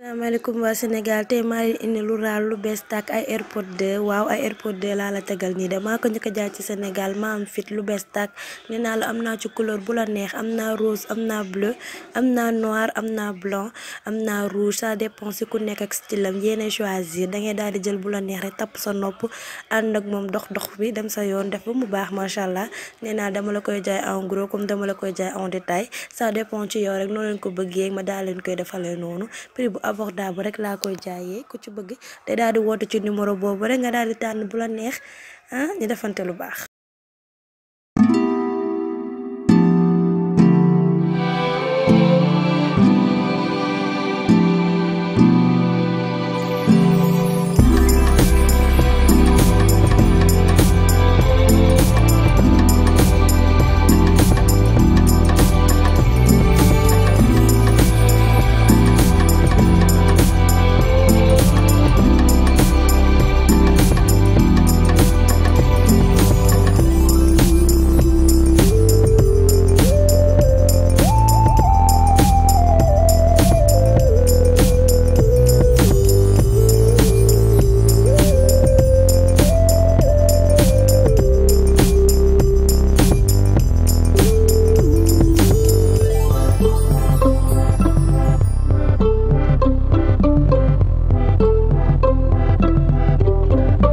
asalaamaaleykum waa Sénégal tey maa leen indi lu raal lu bees tàkk ay airpod 2 waaw ay airpod 2 laa la tegal nii de maa ko njëkk jaay ci Sénégal maa fit lu bees tàkk nee naa la am naa ci couleur bu la neex am naa rose am naa bleu am naa noir am naa blanc am naa rouge ça dépend si ku nekk ak style am yéen choisir da ngay daal di jël bu la neex rek tapp sa nopp ànd ak moom dox dox bi dem sa yoon def ba mu baax macha allah nee naa dama la koy jaay en gros comme la koy jaay en détail ça dépend ci yow rek noo leen ko bëggee ma daal leen koy defalee noonu abordable rek laa koy jaayee ku ci bëgg te daal di woote ci numéro boobu rek nga daal di tànn bu la neex ah ñu defante lu baax.